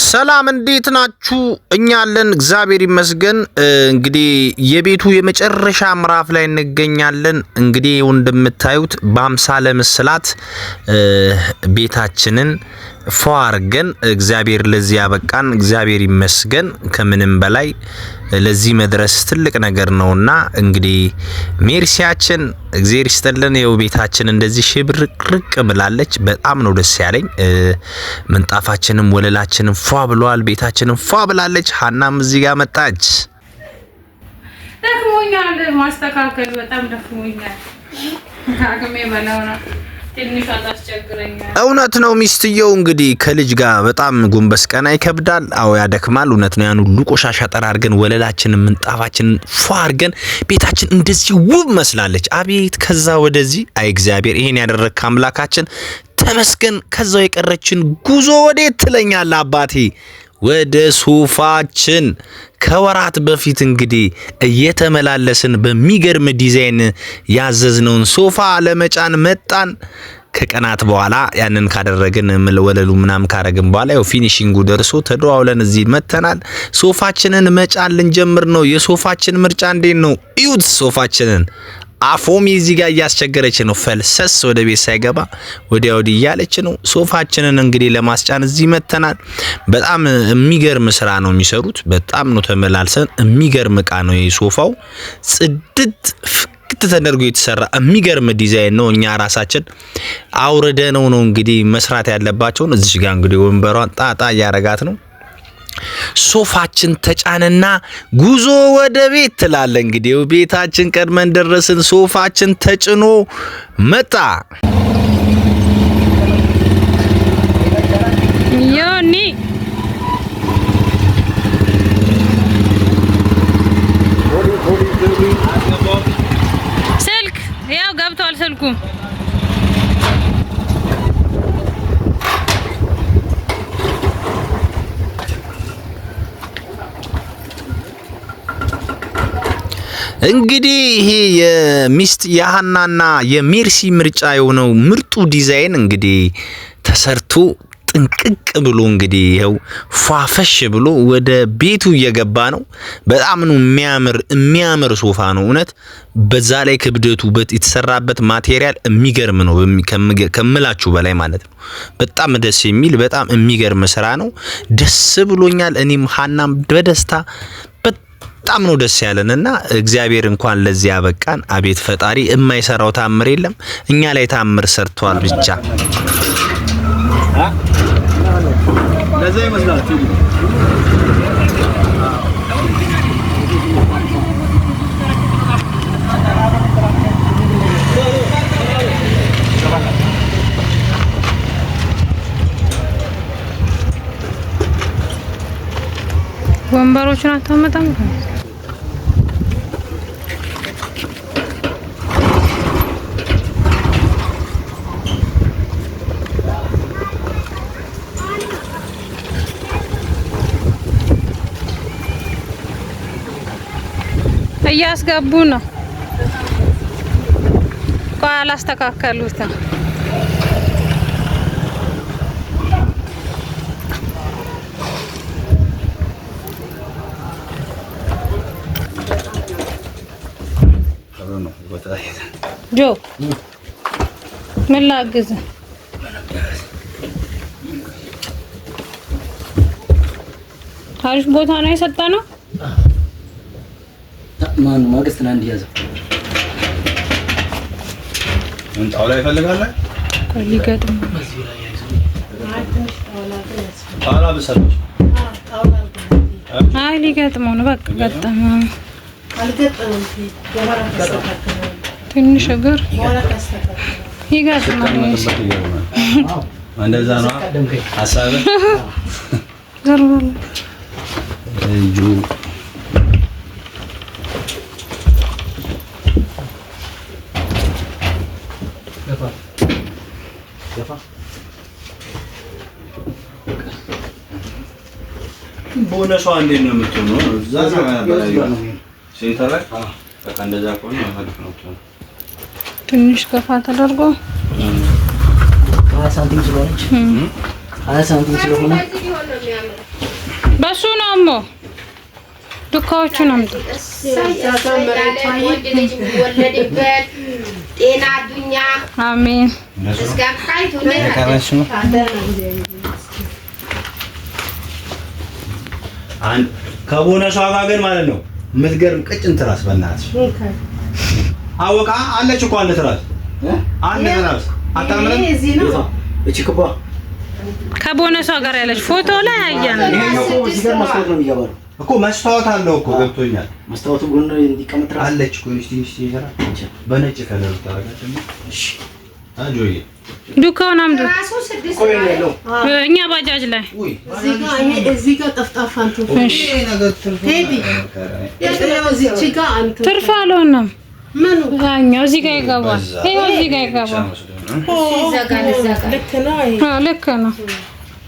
ሰላም እንዴት ናችሁ? እኛ ያለን እግዚአብሔር ይመስገን። እንግዲህ የቤቱ የመጨረሻ ምዕራፍ ላይ እንገኛለን። እንግዲህ እንደምታዩት በአምሳለ ምስላት ቤታችንን ፏር ግን እግዚአብሔር ለዚህ ያበቃን እግዚአብሔር ይመስገን። ከምንም በላይ ለዚህ መድረስ ትልቅ ነገር ነውና እንግዲህ ሜርሲያችን እግዚአብሔር ይስጥልን። የው ቤታችን እንደዚህ ሽብርቅርቅ ብላለች። በጣም ነው ደስ ያለኝ። ምንጣፋችንም ወለላችንም ፏ ብሏል ቤታችንም ፏ ብላለች። ሀናም እዚህ ጋር መጣች። ደክሞኛል፣ ማስተካከል በጣም ደክሞኛል። ከአቅሜ በላይ ነው እውነት ነው። ሚስትየው እንግዲህ ከልጅ ጋር በጣም ጎንበስ ቀና ይከብዳል። አዎ ያደክማል። እውነት ነው። ያን ሁሉ ቆሻሻ ጠራ አድርገን ወለላችንን፣ ምንጣፋችንን ፏ አርገን ቤታችን እንደዚህ ውብ መስላለች። አቤት ከዛ ወደዚህ አይ እግዚአብሔር ይሄን ያደረግክ አምላካችን ተመስገን። ከዛው የቀረችን ጉዞ ወዴት ትለኛል አባቴ ወደ ሱፋችን ከወራት በፊት እንግዲህ እየተመላለስን በሚገርም ዲዛይን ያዘዝነውን ሶፋ ለመጫን መጣን። ከቀናት በኋላ ያንን ካደረግን ወለሉ ምናምን ካረግን በኋላ ያው ፊኒሺንጉ ደርሶ ተደዋውለን እዚህ መተናል። ሶፋችንን መጫን ልንጀምር ነው። የሶፋችን ምርጫ እንዴት ነው? እዩት ሶፋችንን አፎሚ እዚህ ጋር እያስቸገረች ነው። ፈልሰስ ወደ ቤት ሳይገባ ወዲያ ወዲህ እያለች ነው። ሶፋችንን እንግዲህ ለማስጫን እዚህ መተናል። በጣም የሚገርም ስራ ነው የሚሰሩት። በጣም ነው ተመላልሰን። የሚገርም እቃ ነው የሶፋው ጽድት ፍክት ተደርጎ የተሰራ የሚገርም ዲዛይን ነው። እኛ ራሳችን አውርደ ነው ነው እንግዲህ መስራት ያለባቸውን እዚህ ጋር እንግዲህ ወንበሯን ጣጣ እያረጋት ነው። ሶፋችን ተጫነና ጉዞ ወደ ቤት ትላለ። እንግዲህ ቤታችን ቀድመን ደረስን። ሶፋችን ተጭኖ መጣ። ስልክ ያው ገብቷል ስልኩ እንግዲህ የሚስት የሀናና የሚርሲ ምርጫ የሆነው ምርጡ ዲዛይን እንግዲህ ተሰርቶ ጥንቅቅ ብሎ እንግዲህ ይኸው ፏፈሽ ብሎ ወደ ቤቱ እየገባ ነው። በጣም ነው የሚያምር የሚያምር ሶፋ ነው እውነት። በዛ ላይ ክብደቱ የተሰራበት ማቴሪያል የሚገርም ነው ከምላችሁ በላይ ማለት ነው። በጣም ደስ የሚል በጣም የሚገርም ስራ ነው። ደስ ብሎኛል። እኔም ሀናም በደስታ በጣም ነው ደስ ያለንና እግዚአብሔር እንኳን ለዚህ ያበቃን። አቤት ፈጣሪ የማይሰራው ታምር የለም። እኛ ላይ ታምር ሰርቷል ብቻ ወንበሮቹን አታመጣም? እያስገቡ ነው። ቆይ አላስተካከሉትም። ጆ ምን ላግዝ? አሪፍ ቦታ ነው የሰጠነው። ማን ማግስትና አንድ ያዘ ምን ጣውላ ይፈልጋል? ሊገጥም ጣውላ ብሰሎች አይ ሊገጥመው ነው። በቃ ገጠመ ትንሽ እግር ይገጥማል። በሆነ ሰው እንዴት ነው የምትሆነው? እዛ ሴንተር ላይ በቃ እንደዛ ከሆነ አሪፍ ነው። ትንሽ ገፋ ተደርጎ ሀያ ሳንቲም ስለሆነች ሀያ ሳንቲም ስለሆነ በሱ ነው አሞ ዱካዎቹ ነው ጤና ዱኛ አሜን። ከቦነ ሰው ጋር ማለት ነው። የምትገርም ቅጭን ትራስ በእናትሽ አወቃ አለች እኮ አንድ ትራስ አንድ ትራስ አታምረን ከቦነ ሰው ጋር ያለች ፎቶ ላይ አያነው እኮ መስታወት አለው እኮ ገብቶኛል። መስታወቱ ጎን እንዲቀመጥ አለች እኮ ትንሽ በነጭ ከለር እኛ ባጃጅ ላይ እዚህ ጋር ጠፍጣፋ ትርፍ እዚህ ጋር ይገባል። ይኸው እዚህ ጋር ይገባል። ልክ ነው።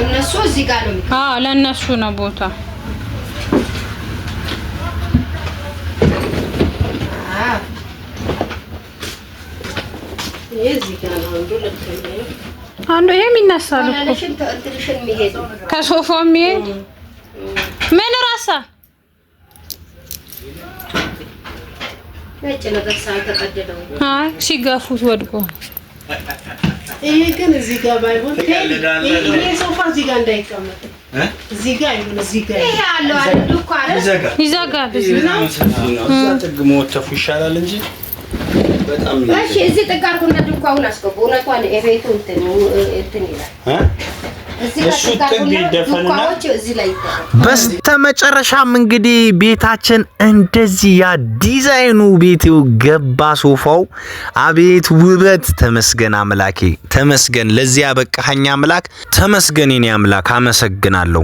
እነሱ እዚህ ጋር ነው። አዎ ለእነሱ ነው ቦታ። አንዱ ይሄም ይነሳል እኮ ከሶፋው የሚሄድ ምን ራሳ ነጭ ነገር ሳልተቀደደው አይ ሲገፉት ወድቆ ይሄ ግን እዚህ ጋር ባይሆን ይሄ ሶፋ እዚህ ጋር እንዳይቀመጥ እዚህ ጋር ይሁን። እዚህ ጋር ይሄ አለው አይደል? እኮ አይደል? ይዘጋል። እዛ ጥግ መወተፉ ይሻላል እንጂ በጣም እሺ። እዚህ ጥግ አድርጎና ድንኳኑን አስገቡ። እውነቷን እቤቱ እንትን እንትን ይላል በስተመጨረሻም እንግዲህ ቤታችን እንደዚህ ያ ዲዛይኑ ቤት ገባ። ሶፋው አቤት ውበት! ተመስገን አምላኬ፣ ተመስገን ለዚያ በቃ ሀኛ አምላክ፣ ተመስገን የኔ አምላክ፣ አመሰግናለሁ።